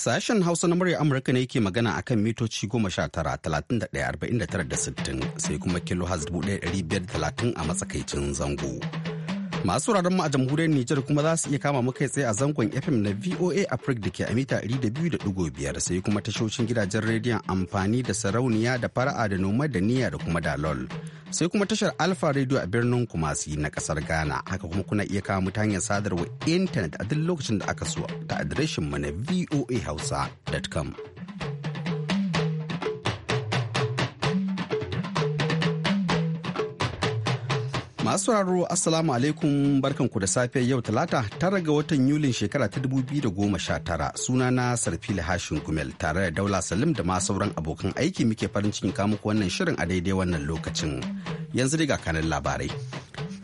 Sashen Hausa na murya Amurka ne yake magana akan mitoci goma sha tara talatin da sai kuma kilo 1530 a matsakaicin zango. Masu wuraren mu a jamhuriyar Nijar kuma za su iya kama mu kai tsaye a zangon FM na VOA Africa da ke a mita 200.5 sai kuma tashoshin gidajen rediyon amfani da sarauniya da fara'a da noma da niyya da kuma dalol. Sai kuma tashar Alfa Radio a birnin Kumasi na kasar Ghana. Haka kuma kuna iya kama mu ta hanyar sadarwa intanet a duk lokacin da aka so ta adireshin mu na voahausa.com. Masu sauraro Assalamu alaikum barkan ku da safe yau talata tara ga watan Yulin shekara ta dubu biyu da goma sha tara, suna na Sarfili Hashin Gumel tare da Daula Salim da ma sauran abokan aiki muke farin cikin kamuku wannan shirin a daidai wannan lokacin. Yanzu daga kanin labarai.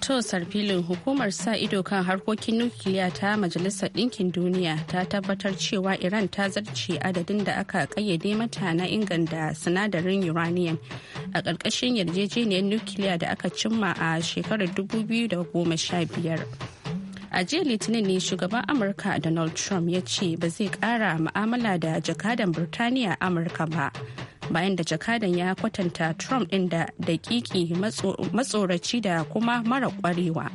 To filin hukumar sa ido kan harkokin nukiliya ta Majalisar Ɗinkin Duniya ta tabbatar cewa Iran ta zarce adadin da aka kayyade mata na inganta sinadarin uranium a ƙarƙashin yarjejeniyar nukiliya da aka cimma a shekarar 2015. a jiya litinin ne shugaban amurka donald trump ya ce ba zai kara ma'amala da jakadan birtaniya amurka ba bayan da jakadan ya kwatanta trump ɗin da dakiki matsoraci da kuma mara kwarewa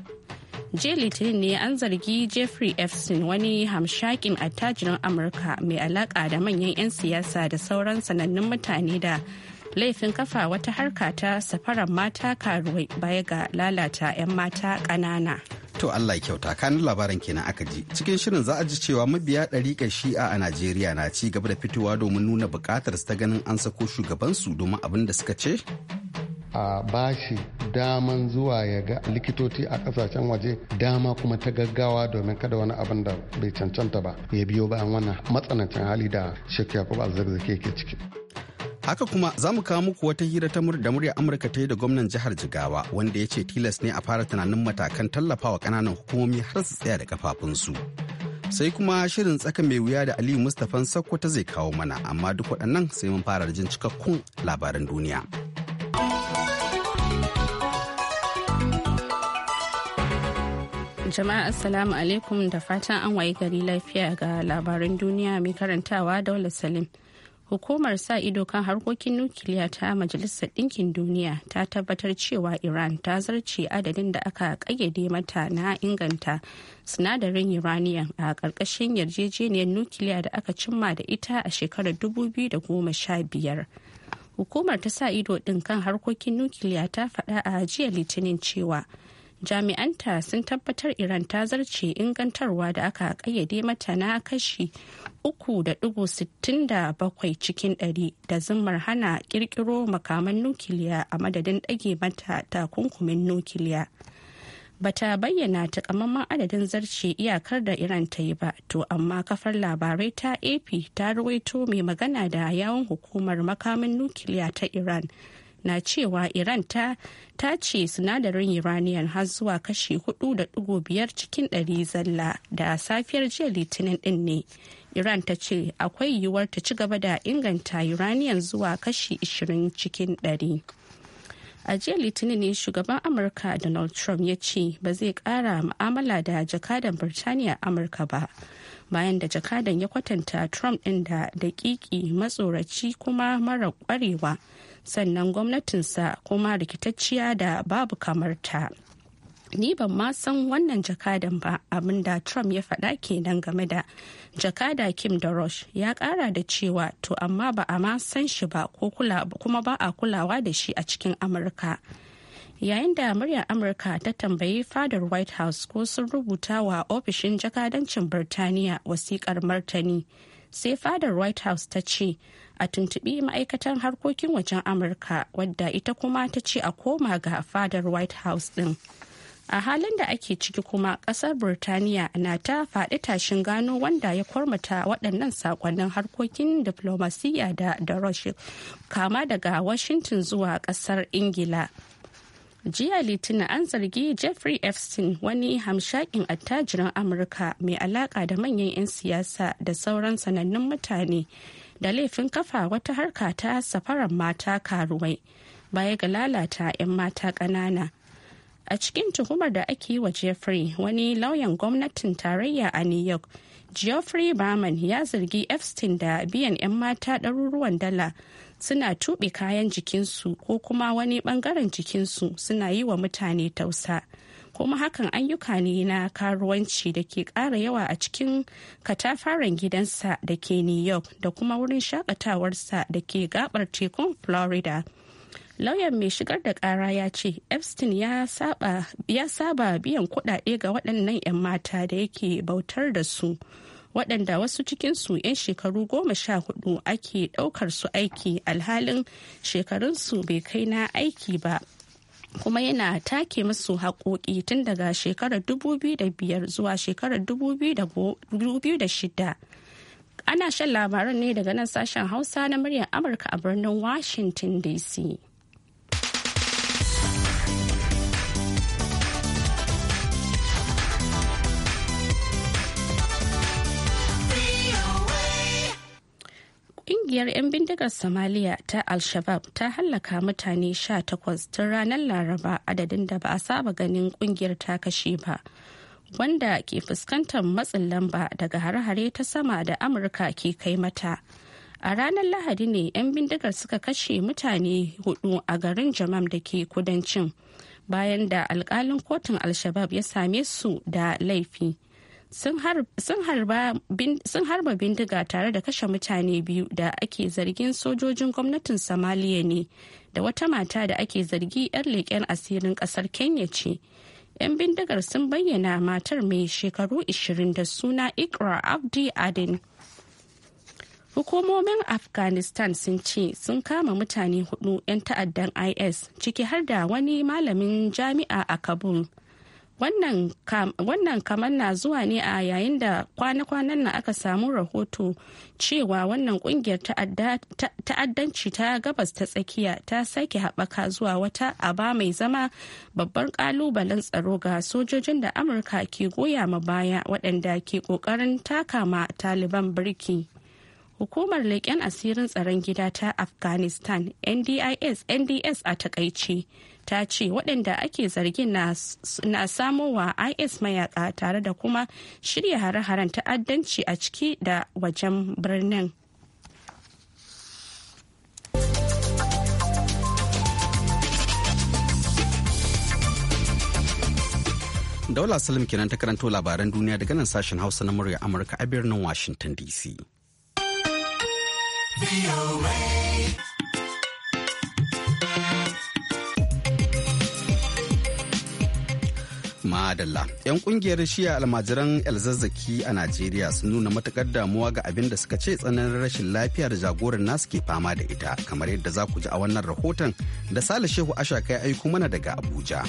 jiya litinin ne an zargi jeffrey epstein wani hamshakin attajirin amurka mai alaka da manyan 'yan siyasa da sauran sanannun mutane da laifin kafa wata harka ta safarar mata karuwai baya ga lalata 'yan mata ƙanana To Allah kyauta kanin labaran kenan aka ji. Cikin shirin za a ji cewa mabiya ɗari ka shi'a a Najeriya na ci gaba da fitowa domin nuna buƙatar ta ganin an sako shugabansu domin abin da suka ce? A bashi daman zuwa ya ga likitoci a kasashen waje dama kuma ta gaggawa domin kada wani abin da bai cancanta ba ya biyo bayan wannan matsanancin hali da shekaru ba zarzake ke ciki. Haka kuma za mu kawo muku wata hira ta da murya Amurka ta yi da gwamnan jihar Jigawa wanda ya ce tilas ne a fara tunanin matakan tallafawa kananan hukumomi har su tsaya da kafafunsu. Sai kuma shirin tsaka mai wuya da Aliyu Mustapha ta zai kawo mana amma duk waɗannan sai mun fara jin cikakkun labaran duniya. jama'a assalamu alaikum da fatan an wayi gari lafiya ga labaran duniya mai karantawa daula salim hukumar sa ido kan harkokin nukiliya ta majalisar ɗinkin duniya ta tabbatar cewa iran ta zarce adadin da aka ƙayyade mata na inganta sinadarin uranium a ƙarƙashin yarjejeniyar nukiliya da aka cimma da ita a shekarar 2015 hukumar ta sa ido ɗin kan harkokin nukiliya ta faɗa a jiya litinin cewa jami'anta sun tabbatar iran ta zarce ingantarwa da aka kayyade mata na kashi 3.67 cikin 100 da zimmar hana kirkiro makaman nukiliya a madadin dage mata takunkumin nukiliya bata bayyana takamaiman adadin zarce iyakar da iran ta yi ba to amma kafar labarai ta ap ta ruwaito mai magana da yawon hukumar makamin nukiliya ta iran na cewa iran ta ta ce sinadarin uranium har zuwa kashi 4.5 cikin 100 zalla da safiyar jiya litinin din ne iran ta ce akwai yiwuwar ta ci gaba da inganta uranium zuwa kashi 20 cikin 100. a jiya litinin ne shugaban amurka donald trump ya ce ba zai kara ma'amala da jakadan birtaniya amurka ba bayan da jakadan ya kwatanta trump ɗin da daƙiƙi matsoraci kuma mara ƙwarewa. sannan gwamnatinsa kuma rikitacciya da babu kamarta. ni ban ma san wannan jakadan ba abin da trump ya faɗa kenan game da jakada kim da rush ya ƙara da cewa to amma ba a ma san shi ba ko kuma ba a kulawa da shi a cikin amurka yayin da muryar amurka ta tambayi fadar white house ko sun rubuta wa ofishin jakadancin birtaniya wasiƙar martani sai fadar white house ta ce a tuntubi ma'aikatan harkokin wajen amurka wadda ita kuma ta ce a koma ga fadar white house din a halin da ake ciki kuma kasar burtaniya na ta faɗi tashin gano wanda ya kwarmata waɗannan sakonnin harkokin diflomasiyya da da kama daga washington zuwa ƙasar ingila jiya litinin an zargi jeffrey epstein wani hamshakin attajirin amurka mai alaka da manyan 'yan siyasa da sauran sanannun mutane da laifin kafa wata harka ta safarar mata karuwai baya ga lalata 'yan mata ƙanana a cikin tuhumar da ake yi wa jeffrey wani lauyan gwamnatin tarayya a new york geoffrey Berman ya zargi epstein da biyan 'yan mata ɗaruruwan dala suna tuɓe kayan jikinsu ko kuma wani ɓangaren jikinsu suna yi wa mutane tausa kuma hakan ayyuka ne na karuwanci da ke ƙara yawa a cikin katafaren gidansa da ke new york da kuma wurin shakatawarsa da ke gabar tekun florida lauyan mai shigar da kara ya ce epstein ya saba biyan kudade ga waɗannan 'yan mata da yake bautar da su waɗanda wasu cikinsu 'yan shekaru goma sha hudu ake ɗaukar su aiki alhalin shekarunsu bai kai na aiki ba kuma yana take musu haƙoƙi tun daga shekarar 2005 zuwa shekarar 2006 ana shan labaran ne daga nan sashen hausa na muryar amurka a birnin washington dc Ƙungiyar 'yan bindigar Somalia ta Al-Shabab ta hallaka mutane 18 tun ranar Laraba adadin da ba a saba ganin ƙungiyar ta kashe ba. Wanda ke fuskantar matsin lamba daga hare-hare ta sama da Amurka ke kai mata. A ranar Lahadi ne 'yan bindigar suka kashe mutane hudu a garin Jamam da ke kudancin bayan da alkalin kotun Al-Shabab ya same su da laifi. sun harba bindiga tare da kashe mutane biyu da ake zargin sojojin gwamnatin somaliya ne da wata mata da ake zargi 'yar leƙen asirin ƙasar kenya ce 'yan bindigar sun bayyana matar mai shekaru 20 da suna ikra abdi adin hukumomin afghanistan sun ce sun kama mutane hudu 'yan ta'addan is ciki har da wani malamin jami'a a kabul wannan kamar na zuwa ne a yayin da kwana-kwanan nan aka samu rahoto cewa wannan kungiyar ta'addanci ta gabas ta tsakiya ta sake haɓaka zuwa wata aba mai zama babban ƙalubalen tsaro ga sojojin da amurka ke goya ma baya waɗanda ke ƙoƙarin taka ma taliban birki hukumar leƙen asirin tsaron gida ta afghanistan ndis nds a takaice ta ce waɗanda ake zargin na wa is mayaka tare da kuma shirya hare-haren ta'addanci a ciki da wajen birnin daula salim kenan ta karanto labaran duniya daga nan sashen hausa na murya amurka a birnin washington dc Madalla. 'Yan kungiyar shiya almajiran el-zazzaki a Najeriya sun nuna matukar damuwa ga abin da suka ce tsananin rashin lafiya da jagoran nasu ke fama da ita kamar yadda za ku ji a wannan rahoton da Sale Shehu Ashaka ya aiko mana daga Abuja.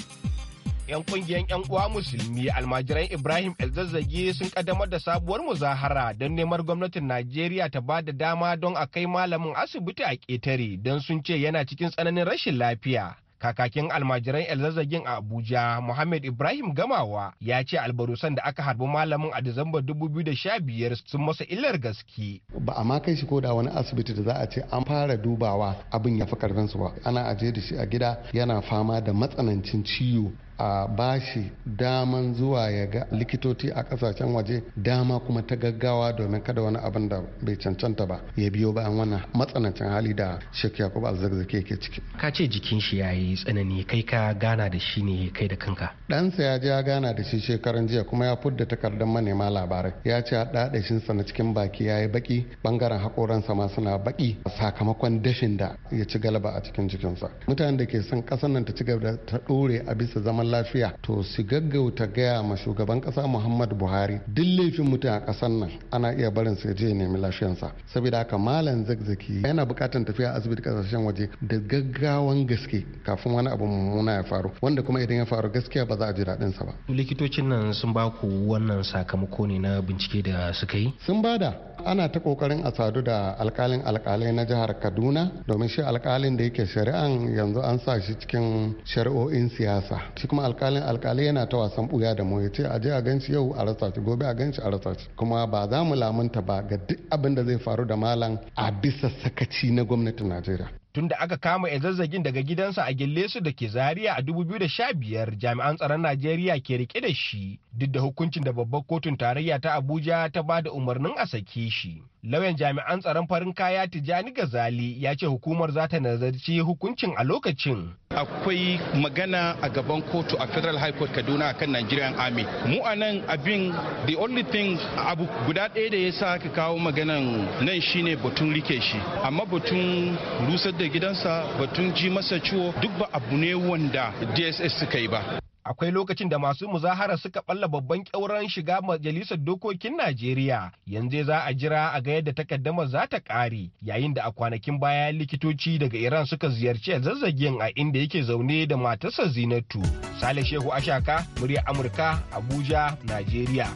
'yan kungiyar 'yan uwa musulmi almajiran ibrahim el-zazzaki sun kaddamar da sabuwar muzahara don neman gwamnatin najeriya ta ba da dama don a kai malamin asibiti a ƙetare don sun ce yana cikin tsananin rashin lafiya kakakin almajiran elzazzagin a abuja muhammad ibrahim gamawa ya ce albarusan da aka harbi malamin a disamba 2015 sun masa illar gaske ba a ma kai shi ko da wani asibiti da za a ce an fara dubawa abin ya fi karfinsu ba ana ajiye da shi a gida yana fama da matsanancin ciwo a bashi daman zuwa ya ga likitoci a kasashen waje dama kuma ta gaggawa domin kada wani abin da bai cancanta ba ya biyo bayan wannan matsanancin hali da shek Yakubu alzarzake yake ciki. Ka ce jikin shi ya yi tsanani kai ka gana da shi ne kai da kanka. Ɗansa ya je ya gana da shi shekaran jiya kuma ya fudda takardar manema labarai ya ce a haɗaɗashinsa na cikin baki ya yi baki bangaren haƙoransa ma suna baki sakamakon dashin da ya ci galaba a cikin jikinsa. Mutanen da ke son ƙasar nan ta ci gaba da ta ɗore a bisa zama zaman lafiya to su gaggauta gaya ma shugaban kasa muhammadu buhari duk laifin mutum a kasar nan ana iya barin su je nemi lafiyansa saboda haka malam zakzaki yana bukatan tafiya asibiti kasashen waje da gaggawan gaske kafin wani abu mummuna ya faru wanda kuma idan ya faru gaskiya ba za a ji daɗin sa ba likitocin nan sun ba ku wannan sakamako ne na bincike da suka yi sun bada ana ta kokarin a sadu da alkalin alkalai na jihar kaduna domin shi alkalin da yake shari'an yanzu an sa shi cikin shari'o'in siyasa shi kuma alkalin alkalai yana ta wasan buya da mu yace a je a ganci yau a rasa shi gobe a ganci a rasa shi kuma ba za mu lamunta ba ga duk abin da zai faru da malam a bisa sakaci na gwamnatin najeriya tunda aka kama ezazzagin daga gidansa a gillesu da ke zaria a 2015 jami'an tsaron najeriya ke rike da shi duk da hukuncin da babbar kotun tarayya ta abuja ta ba da umarnin a sake shi lauyan jami'an tsaron farin kaya tijani gazali ya ce hukumar za ta nazarci hukuncin a lokacin akwai magana a gaban kotu a federal high court kaduna akan nigerian army mu a nan abin the only thing abu guda ɗaya da ya sa aka kawo maganan nan shine batun rike shi amma batun rusar da gidansa batun ji masa ciwo duk ba abu ne wanda dss suka yi ba akwai lokacin da masu muzahara suka balla babban kyauran shiga majalisar dokokin Najeriya yanzu za a jira a ga yadda takaddama za ta ƙare yayin da a kwanakin baya likitoci daga Iran suka ziyarci zazzagin a inda yake zaune da matarsa Zinatu Sale Shehu Ashaka murya Amurka Abuja Najeriya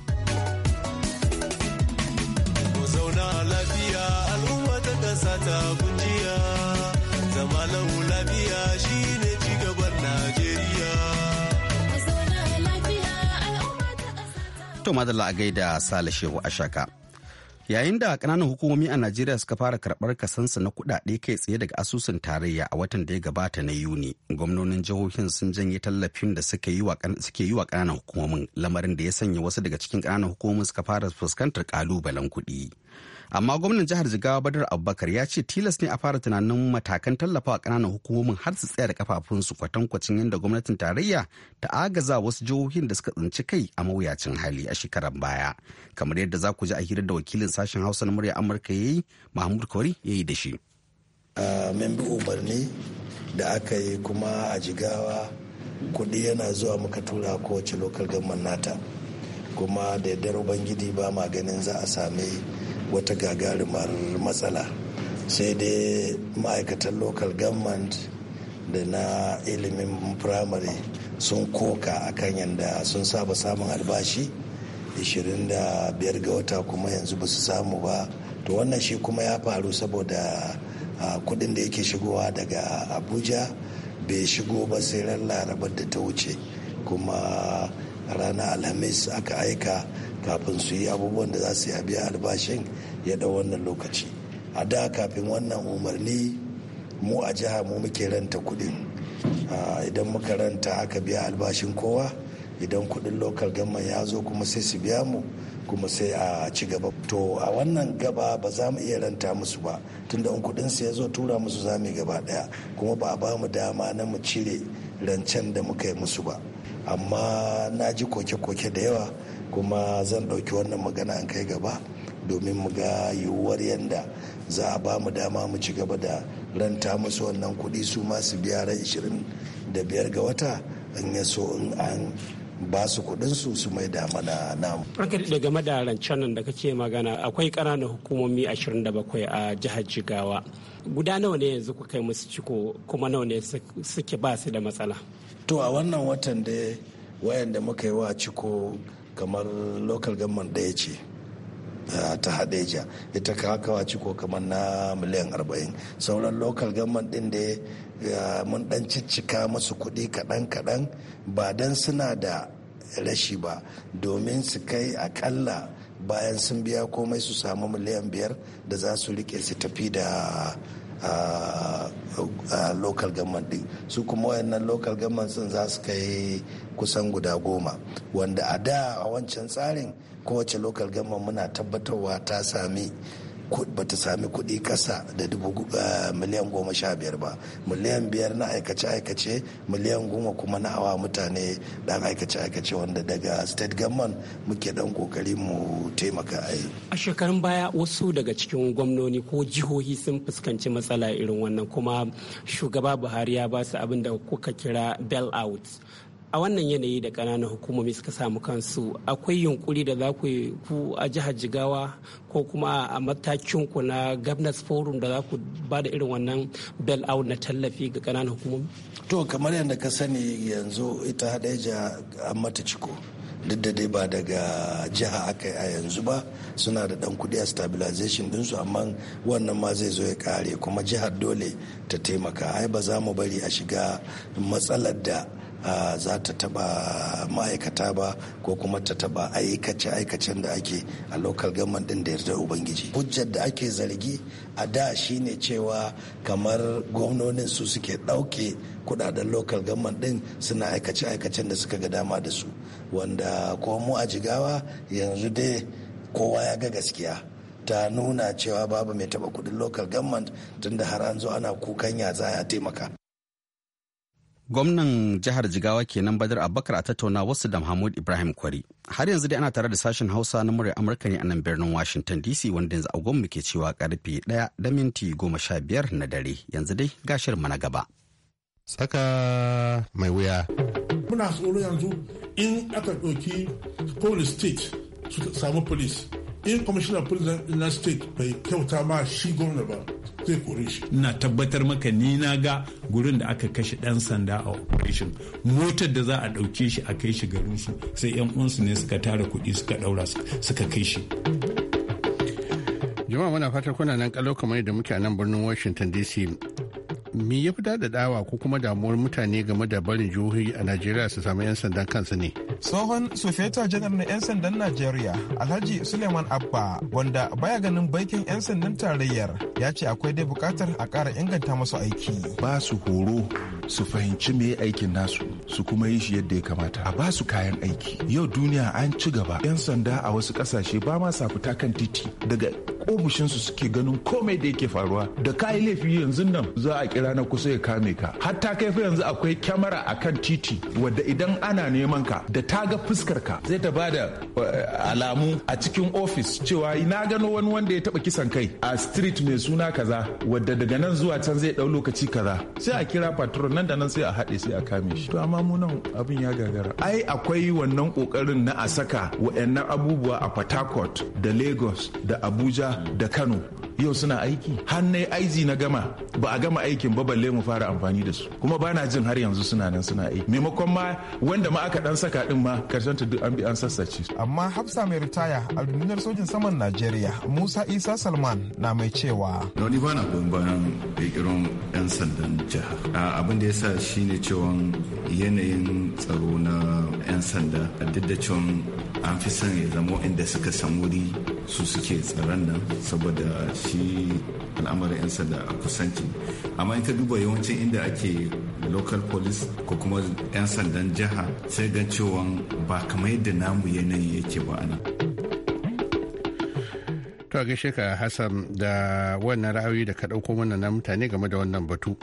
zauna lafiya al'umma ta ta To madalla a gaida Sale Shehu Ashaka. Yayin da kananan hukumomi a Najeriya suka fara karɓar kasansa na kudade kai tsaye daga asusun tarayya a watan da ya gabata na Yuni, gwamnonin jihohin sun janye tallafin da suke yi wa kananan hukumomin lamarin da ya sanya wasu daga cikin kananan hukumomin suka fara fuskantar kalubalen kudi. amma gwamnan jihar jigawa badar abubakar ya ce tilas ne a fara tunanin matakan tallafawa kananan hukumomin har su tsaya da kafafunsu kwatankwacin yadda gwamnatin tarayya ta agaza wasu jihohin da suka tsinci kai a mawuyacin hali a shekarar baya kamar yadda za ku ji a hira da wakilin sashen hausa na murya amurka ya yi mahmud kori ya yi da shi. mun bi umarni da aka yi kuma a jigawa kuɗi yana zuwa muka tura kowace lokal gamman nata kuma da yardar ubangiji ba ma ganin za a sami wata gagarumar matsala sai dai ma'aikatan local government da na ilimin primary sun koka a kan yadda sun saba samun albashi 25 ga wata kuma yanzu ba su samu ba to wannan shi kuma ya faru saboda ah, kudin da yake shigowa daga abuja bai shigo ba sai ran larabar da ta wuce kuma ranar alhamis aka aika kafin su yi abubuwan da za su yi a biya albashin ya da wannan lokaci a da kafin wannan umarni mu a jiha mu muke ranta kudin idan muka ranta aka biya albashin kowa idan kuɗin lokal gamman ya zo kuma sai su biya mu kuma sai a ci gaba to a wannan gaba ba za mu iya ranta musu ba tunda in kuɗin su ya zo tura musu za mu gaba ɗaya kuma ba a ba mu dama na mu cire rancen da muka yi musu ba amma na ji koke-koke da yawa kuma zan ɗauki wannan magana an kai gaba domin mu ga yiwuwar yadda za a ba mu dama mu ci gaba da ranta musu wannan kuɗi su masu biya ran 25 ga wata in ya so in an ba su kuɗin su su mai da na namu. da game da rancen nan da kake magana akwai ƙananan hukumomi 27 a jihar Jigawa. Guda nawa ne yanzu kuka kai musu ciko kuma nawa ne suke ba su da matsala. To a wannan watan da wayanda muka yi wa ciko kamar local government ɗaya ce ta hadeja ita kakawa ko kamar na miliyan arba'in sauran lokal government ɗin da mun ɗan ciccika masu kuɗi kaɗan-kaɗan ba dan suna da rashi ba domin su kai akalla bayan sun biya komai su samu miliyan biyar da za su rike su tafi da a local government din su kuma wayannan local government sun za su kai kusan guda goma wanda a da a wancan tsarin kowace lokal government muna tabbatarwa ta sami bata sami kuɗi ƙasa da dubu eh, miliyan goma sha biyar ba miliyan biyar na aikace-aikace miliyan goma kuma na awa mutane dan aikace-aikace wanda daga state government muke dan kokari mu taimaka a a shekarun baya wasu daga cikin gwamnoni ko jihohi sun fuskanci matsala irin wannan kuma shugaba buhari ya ba su abin da kuka kira bell out a wannan yanayi da kananan hukumomi suka samu kansu akwai yunkuri da za ku yi ku a jihar jigawa ko kuma a matakin ku na governors forum da za ku ba da irin wannan bell out na tallafi ga ƙananan hukumomi to kamar yadda ka sani yanzu ita hadeja an mata ciko duk da dai ba daga jiha aka a yanzu ba suna da dan kudi a stabilization dinsu amma wannan ma zai zo ya kare kuma jihar dole ta taimaka ai ba za mu bari a shiga matsalar da za ta taba ma'aikata ba ko kuma ta taba aikace aikacen da ake a lokal government din da yarda ubangiji hujjar da ake zargi a da shine cewa kamar gwamnonin su suke ɗauke kudaden local government din suna aikace aikacen da suka ga dama da su wanda ko mu a jigawa yanzu dai kowa ya ga gaskiya ta nuna cewa babu mai taba kudin local government tunda har an zo ana kukan ya za a taimaka Gwamnan jihar Jigawa kenan Badar Abubakar a tattauna wasu da Mahmud Ibrahim Kwari. Har yanzu dai ana tare da sashen Hausa na murya Amurka ne a nan birnin Washington DC wanda yanzu a mu ke cewa karfe ɗaya da minti goma sha biyar na dare. Yanzu dai gashir na gaba. Saka mai wuya. Muna tsoro yanzu in aka ɗauki police state su samu police in commissioner police na state bai kyauta ma shi gwamna ba. zai ina tabbatar maka ni na ga gurin da aka kashe dan sanda a operation motar da za a dauke shi a kai shi garin su sai yan uwansu ne suka tara kuɗi suka daura suka kai shi jama'a muna fatan kuna nan kalau kamar da muke a nan birnin washington dc me ya fi dawa ko kuma damuwar mutane game da barin jihohi a najeriya su samu 'yan sandan kansu ne tsohon sufeta janar na 'yan sandan najeriya alhaji suleiman abba wanda baya ganin baikin 'yan sandan tarayyar ya ce akwai dai bukatar a ƙara inganta masu aiki ba su horo su fahimci me aikin nasu su kuma yi shi yadda ya kamata a ba su kayan aiki yau duniya an ci gaba 'yan sanda a wasu ƙasashe ba ma sa fita kan titi daga ofishinsu suke ganin komai da yake faruwa da kayi laifi yanzu nan za a kira na kusa ya kame ka hatta kai fa yanzu akwai kyamara akan titi wadda idan ana neman ka da ta ga fuskar ka zai ta bada eh, alamu a cikin ofis cewa na gano wani wanda ya taba kisan kai a street mai suna kaza wadda daga nan zuwa can zai dau lokaci kaza sai a kira patron nan da nan sai a haɗe sai a kame shi to amma mu nan abin ya gagara ai akwai wannan kokarin na a saka wa'annan abubuwa a Port da Lagos da Abuja da Kano yau suna aiki hannai na aizi na gama ba a gama aikin ba balle mu fara amfani da su kuma bana jin har yanzu suna nan suna aiki maimakon ma wanda ma aka dan saka din ma karshen duk an bi an sassace amma hafsa mai ritaya a rundunar sojin saman Najeriya Musa Isa Salman na mai cewa da wani bana goyon bayan kirkiron yan sandan jiha abin da yasa shine cewa yanayin tsaro na yan sanda duk da cewa an fi son ya zama inda suka san wuri su suke tsaron nan saboda shi al'amarin 'yan sanda a kusanci amma in ka duba yawancin inda ake local police ko kuma 'yan sandan jiha sai ga cewa ba kamar yadda namu yanayi yake ba nan. to gaishe ka hassan da wannan ra'ayoyi da ka ɗauko mana na mutane game da wannan batu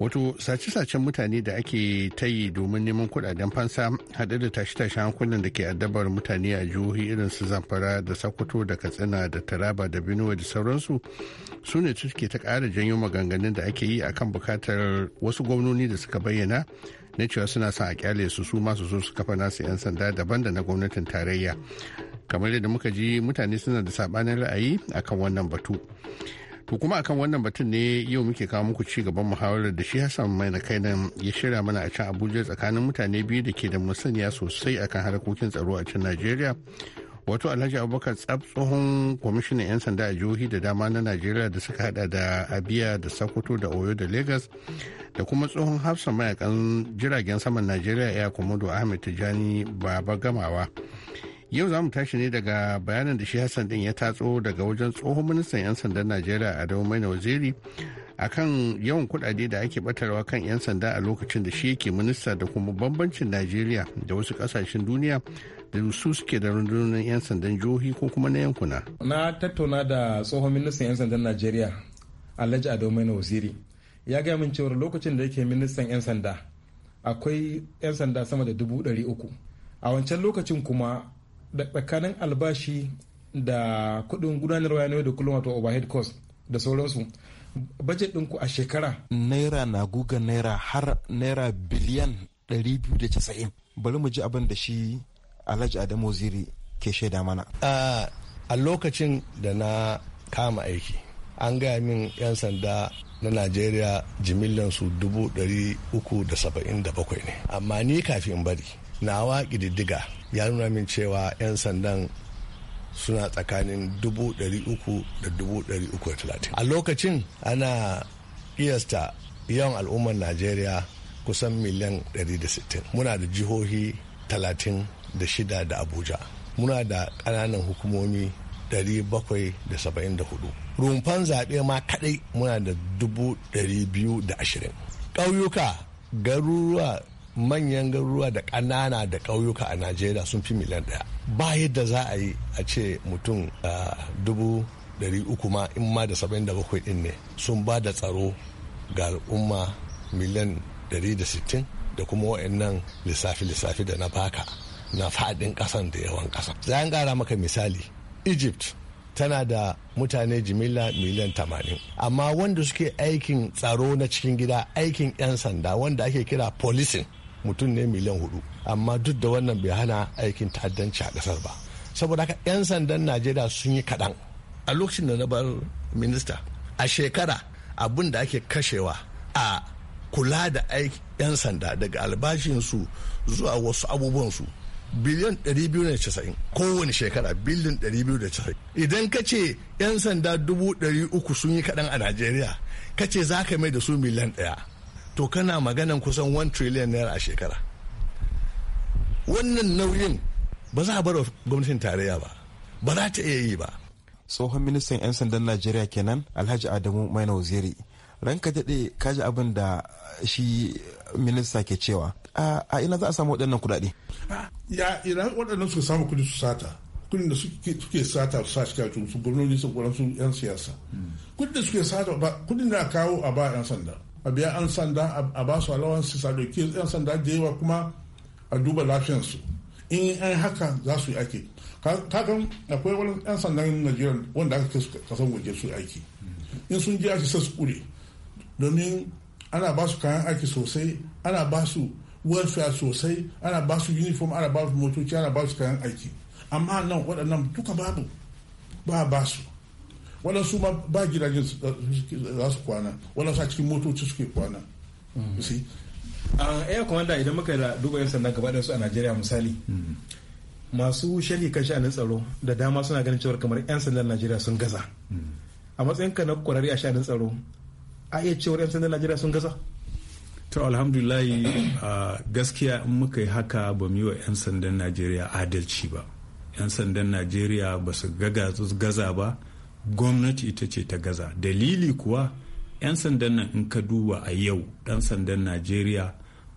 wato sace-sacen mutane da ake ta yi domin neman kuɗaɗen fansa haɗe da tashe-tashen hankulan da ke addabar mutane a jihohi irin su zamfara da sokoto da katsina da taraba da benue da sauransu su ne suke ta ƙara janyo maganganun da ake yi akan bukatar wasu gwamnoni da suka bayyana na cewa suna sa a kyale su su masu zo su kafa nasu 'yan sanda daban da na gwamnatin tarayya kamar yadda muka ji mutane suna da sabanin ra'ayi akan wannan batu to kuma akan wannan batun ne yau muke kawo muku ci gaban muhawarar da shi hassan mai na kai nan ya shirya mana a can abuja tsakanin mutane biyu da ke da musaniya sosai akan harkokin tsaro a can najeriya wato alhaji abubakar tsab tsohon kwamishinan 'yan sanda a jihohi da dama na najeriya da suka hada da abia da sokoto da oyo da lagos da kuma tsohon hafsa mayakan jiragen saman najeriya ya komodo ahmed tijani baba gamawa yau za mu tashi ne daga bayanin da shi hassan din ya tatso daga wajen tsohon ministan 'yan sandan najeriya adamu na waziri akan yawan kuɗaɗe da ake batarwa kan 'yan sanda a lokacin da shi yake minista da kuma bambancin najeriya da wasu kasashen duniya da su suke da rundunar 'yan sandan jihohi ko kuma na yankuna na tattauna da tsohon ministan 'yan sandan najeriya alhaji na waziri ya gaya min cewar lokacin da yake ministan 'yan sanda akwai 'yan sanda sama da dubu ɗari uku a wancan lokacin kuma da tsakanin albashi da kuɗin gudanarwa na yau da kullum wato overhead cost da sauransu budget ku a shekara naira na guga naira har naira biliyan 290 bari mu ji abin da shi alhaji adamu ziri ke shaida mana a lokacin da na kama aiki an gaya min 'yan sanda na najeriya jimillan su 377 ne amma ni kafin bari nawa ƙididdiga ya nuna min cewa 'yan sandan suna tsakanin 300 da 330 a lokacin ana iyasta yawan al'ummar najeriya kusan miliyan 160 muna da jihohi 36 da abuja muna da ƙananan hukumomi 774 rumfan zaɓe ma kaɗai muna da 220 ƙauyuka garuruwa manyan garuruwa da ƙanana da ƙauyuka a najeriya sun fi miliyan ɗaya ba yadda za a yi a ce mutum dubu ɗari uku ma in ma da saba'in da bakwai ɗin ne sun ba da tsaro ga al'umma miliyan ɗari da sittin da kuma wa'annan lissafi-lissafi da na baka na faɗin ƙasan da yawan ƙasa. Za an gara maka misali, Egypt tana da mutane jimila miliyan tamanin amma wanda suke aikin tsaro na cikin gida aikin 'yan sanda wanda ake kira policing mutum ne miliyan hudu amma duk da wannan bai hana aikin ta'addanci a kasar ba saboda haka 'yan sandan najeriya sun yi kaɗan a lokacin da na bar minista a shekara abin da ake kashewa a kula da aiki 'yan sanda daga albashinsu zuwa wasu abubuwan su biliyan 290 kowane shekara biliyan 290 idan ka ce 'yan sanda 300 sun yi kaɗan a najeriya ka ce za ka mai da su miliyan ɗaya to kana maganan kusan 1 trillion naira a shekara wannan nauyin ba za a bar gwamnatin tarayya ba ba za ta iya yi ba tsohon ministan 'yan sandan najeriya kenan alhaji adamu maina nauziri ranka daɗe kaji abin da shi minista ke cewa a ina za a samu waɗannan kuɗaɗe ya ina waɗannan su samu kuɗi su sata kudin hmm. da suke sata su sashi kacin su gwamnoni su gwamnan su yan siyasa kudin da suke sata kudin da kawo a ba yan sanda a biya an sanda a ba su alawansu a doki 'yan sanda da yawa kuma a duba lafiyansu in an haka za su yi aiki kakan akwai wani 'yan sandan najeriya wanda aka kasan waje su aiki in sun je aiki sai su kure domin ana ba su kayan aiki sosai ana ba su welfare sosai ana ba su uniform ana ba su motoci ana ba su kayan aiki amma nan waɗannan duka babu ba ba su waɗansu ma ba gidaje eh, za su kwana waɗansu a cikin motoci suke kwana a kuma da idan muka duba yin sanda gaba su a najeriya misali masu sharhi kan sha'anin tsaro da dama suna ganin cewar kamar yan sandan najeriya sun gaza a matsayin ka na kwararri a sha'anin tsaro a iya cewar yan sandan najeriya sun gaza to alhamdulillahi gaskiya in muka yi haka ba mu yi wa yan sandan najeriya adalci ba yan sandan najeriya ba su gaza ba gwamnati ita ce ta gaza dalili kuwa 'yan sandan nan in ka duba a yau dan sandan najeriya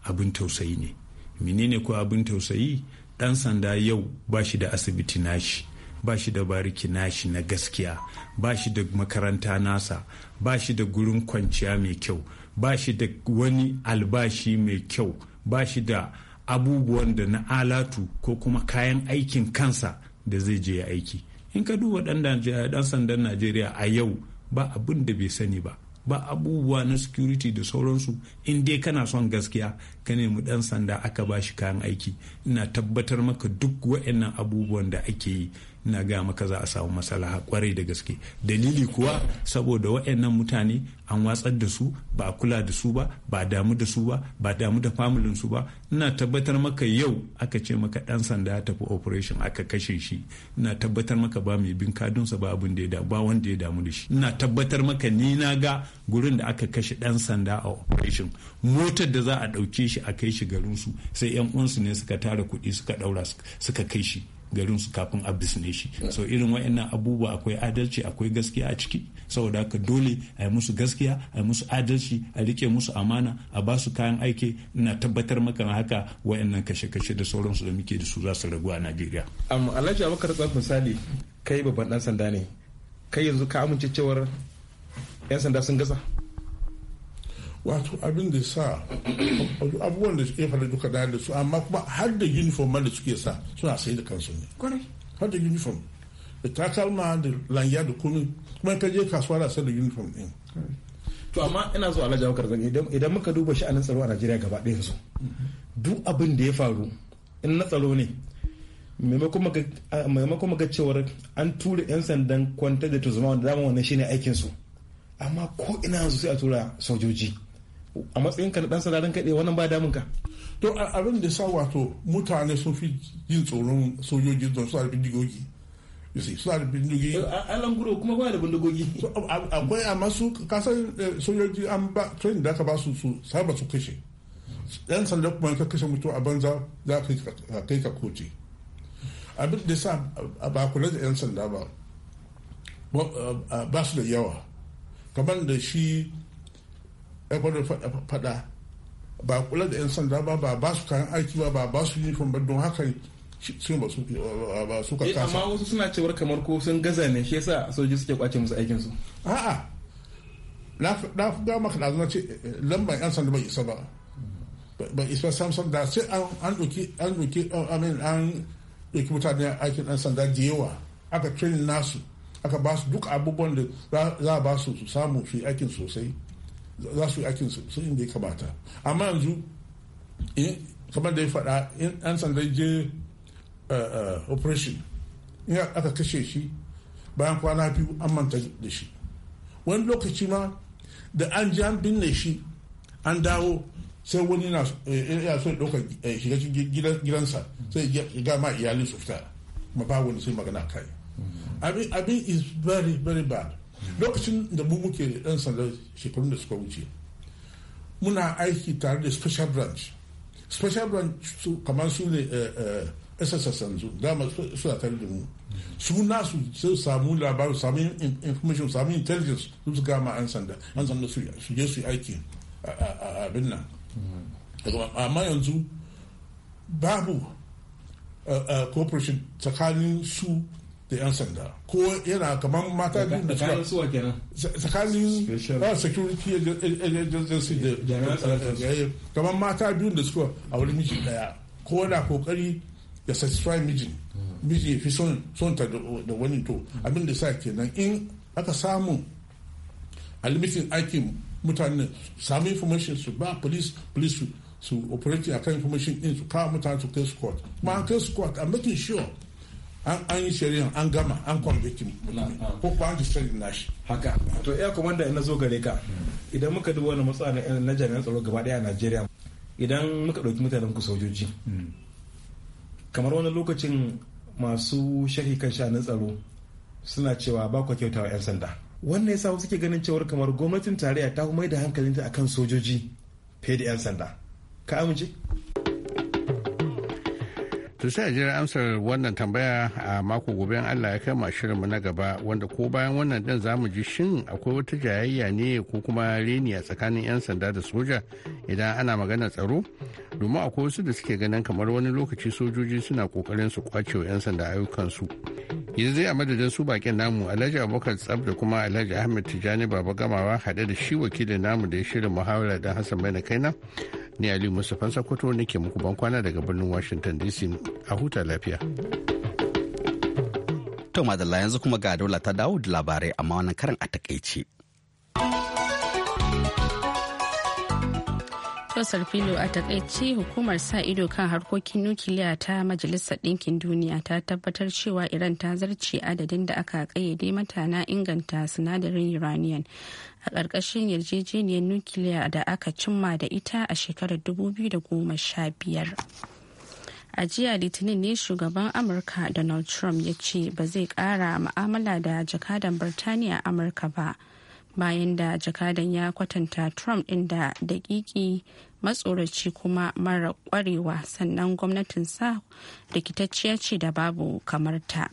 abin tausayi ne menene ko abin tausayi dan sanda yau ba shi da asibiti nashi ba shi da bariki nashi na gaskiya ba shi da makaranta nasa ba shi da gurin kwanciya mai kyau ba shi da wani albashi mai kyau ba shi da abubuwan da na alatu ko kuma kayan aikin kansa da zai je ya aiki in ka duba dan sandan najeriya a yau ba abin da bai sani ba ba abubuwa na security da sauransu in dai kana son gaskiya ka nemi dan sanda aka ba shi kayan aiki ina tabbatar maka duk waɗannan abubuwan da ake yi ina ga maka za a samu maslaha kwarai da gaske dalili kuwa saboda waɗannan mutane an watsar da su ba a kula da su ba ba damu da su ba ba damu da familin su ba ina tabbatar maka yau aka ce maka dan sanda ya tafi operation aka kashe shi ina tabbatar maka ba mai bin sa ba abin da ya ba wanda ya damu da shi ina tabbatar maka ni na ga gurin da aka kashe dan sanda a operation motar da za a ɗauke shi a kai shi garin su sai yan uwansu ne suka tara kuɗi suka ɗaura suka kai shi garin su kafin a bisne shi so irin wa'annan abubuwa akwai adalci akwai gaskiya a ciki saboda haka dole a yi musu gaskiya a yi musu adalci a rike musu amana a ba su kayan aiki ina tabbatar maka haka wa'annan kashe-kashe da sauransu da muke da su za su ragu a najeriya amma alhaji abubakar tsan misali kai babban dan sanda ne kai yanzu ka amince cewar yan sanda sun gasa wato abin da sa abubuwan da suke fara duka da da su amma kuma har da uniform ma da suke sa suna sai da kansu ne har da uniform da takalma da lanya da komi kuma ka je kasuwa da sai da uniform din to amma ina zuwa alhaji abubakar zan idan muka duba anan tsaro a najeriya gaba ɗaya su duk abin da ya faru in na tsaro ne maimakon maka cewar an tura 'yan sandan kwantar da tuzuma da dama wannan shine aikinsu amma ko ina su sai a tura sojoji a matsayin ka na dan sararin kaɗe wannan ba damun ka to abin da sa wato mutane sun fi jin tsoron sojoji don su harbi digogi suna da bindigogi alan eh, guro kuma ba da bindigogi akwai a masu kasar eh, sojoji an ba training da aka ba su su saba su kashe yan sanda kuma ka kashe mutu a banza za ka kai ka koce abin da sa ba kula da yan sanda ba eh, ba su da yawa kamar da shi ekwado fada faɗa ba kula da 'yan sanda ba ba ba su kayan aiki ba ba ba su uniform ba don haka su ba su ba su ka eh, kasa amma wasu suna cewar kamar ko sun gaza ne shi yasa soji suke kwace musu aikin su a'a na na ga maka da ce lambar 'yan sanda bai isa ba ba isa samson da sai an doki an doki amin an doki uh, mutane aikin 'yan sanda da yawa aka training nasu aka ba su duk abubuwan da za a ba su su samu fi aikin sosai za su yi aikin su inda ya kamata amma yanzu kamar da ya faɗa in an sanda je eh, eh, operation in aka kashe shi bayan kwana biyu an manta da shi wani lokaci ma da an ji an binne shi an dawo sai wani na eh, ya so ɗaukar shiga gidansa sai ya ga ma iyalin su fita ma ba wani sai magana kai mm. abin is very very bad lokacin da mu muke dan sanda shekarun da suka wuce muna aiki tare da special branch special branch su kamar su ne sss eh, eh, yanzu dama suna tare da mu su nasu su samu labaru samu information samu intelligence su su gama an sanda an sanda su je su aiki a abin nan amma yanzu babu eh, cooperation tsakanin su da 'yan sanda ko yana kamar mata biyu da suka tsakanin ba security agency da eh, eh, kamar mata biyu da suka a wani miji daya ko da kokari ya satisfy mijin miji fi son ta da wani to abin da sa kenan in aka samu a limitin aikin mutane sami information su ba police police su operate akan information din su kawo mutane su kai court ma an kai court a making sure an yi shari'an an gama an convicting ko kuma an discharge nashi haka to ya komanda ina zo gare ka idan muka duba wani matsala na jami'an tsaro gaba daya a Najeriya idan muka ɗauki mutanen ku sojoji hmm. kamar wani lokacin masu shaki kan na tsaro suna cewa ba ku kyautawa 'yan sanda wannan sa wasu ke ganin cewar kamar gwamnatin tarayya ta mai da hankalinta akan sojoji fiye da 'yan sanda ka amince To sai a jira amsar wannan tambaya a mako gobe Allah ya kama shirinmu na gaba wanda ko bayan wannan din za mu ji shin akwai wata jayayya ne ko kuma reni a tsakanin 'yan sanda da soja idan ana magana tsaro? Domin akwai wasu da suke ganin kamar wani lokaci sojoji suna kokarin su kwace wa 'yan sanda ayyukansu. Yanzu zai a madadin su bakin namu Alhaji Abubakar Tsab da kuma Alhaji Ahmed Tijjani Baba Gamawa hade da shi wakilin namu da ya shirin muhawara da Hassan na Kaina. ni ali mustapha sakwato nake muku ban kwana daga birnin washington dc a huta lafiya to madalla yanzu kuma ga daula ta dawo da labarai amma wannan karan a takaice Tosar filo a takaice hukumar sa ido kan harkokin nukiliya ta Majalisar Ɗinkin Duniya ta tabbatar cewa Iran ta zarce adadin da aka kayyade mata na inganta sinadarin uranium a ƙarƙashin yarjejeniyar nukiliya da aka cimma da ita a shekarar 2015 a jiya litinin ne shugaban amurka donald trump ya ce ba zai ƙara ma'amala da jakadan birtaniya amurka ba bayan da jakadan ya kwatanta trump ɗin da daƙiƙi matsoraci kuma mara ƙwarewa sannan gwamnatinsa rikitacciya ce da babu kamar ta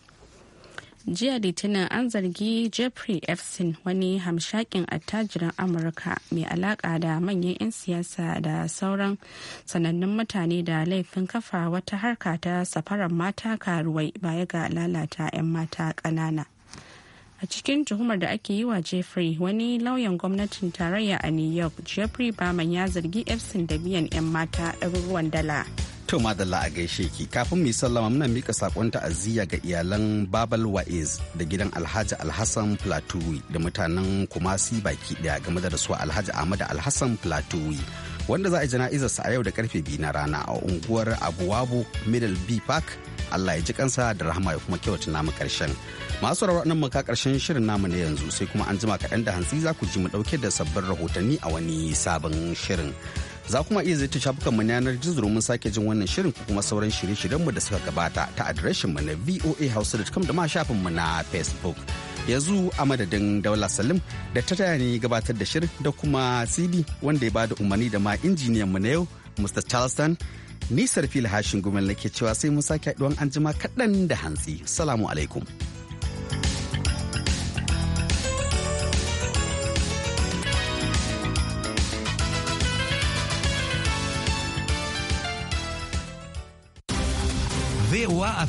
jiya litinin an zargi jeffrey epstein wani hamshakin attajirin amurka mai alaka da manyan 'yan siyasa da sauran sanannun mutane da laifin kafa wata harka ta safarar mata karuwai baya ga lalata 'yan mata ƙanana a cikin tuhumar da ake yi wa jeffrey wani lauyan gwamnatin tarayya a new york jeffrey baman ya zargi epstein da biyan 'yan mata ɗaruruwan dala. To madalla a gaishe ki kafin mu yi sallama muna mika sakon ta'aziyya ga iyalan Babal Wa'iz da gidan Alhaji Alhassan Platuwi da mutanen Kumasi baki daya game da rasuwa Alhaji Ahmad Alhassan Platuwi wanda za a jana'izar sa a yau da karfe biyu na rana a unguwar Abuwabu Middle B Park Allah ya ji kansa da rahama ya kuma kyauta namu karshen. Masu rawar nan maka karshen shirin namu na yanzu sai kuma an jima kaɗan da hantsi za ku ji mu ɗauke da sabbin rahotanni a wani sabon shirin. za kuma iya zai shafukanmu na yanar gizo domin sake jin wannan shirin ko kuma sauran shirye mu da suka gabata ta adireshin mu na voahouse.com da ma mu na facebook yanzu a madadin daula salim da ta taya ne gabatar da shirin da kuma cd wanda ya bada umarni da ma injiniyan mu na yau mr charleston nisar fil hashin gumel nake cewa sai mun sake haɗuwan anjima kaɗan da hantsi salamu alaikum cewa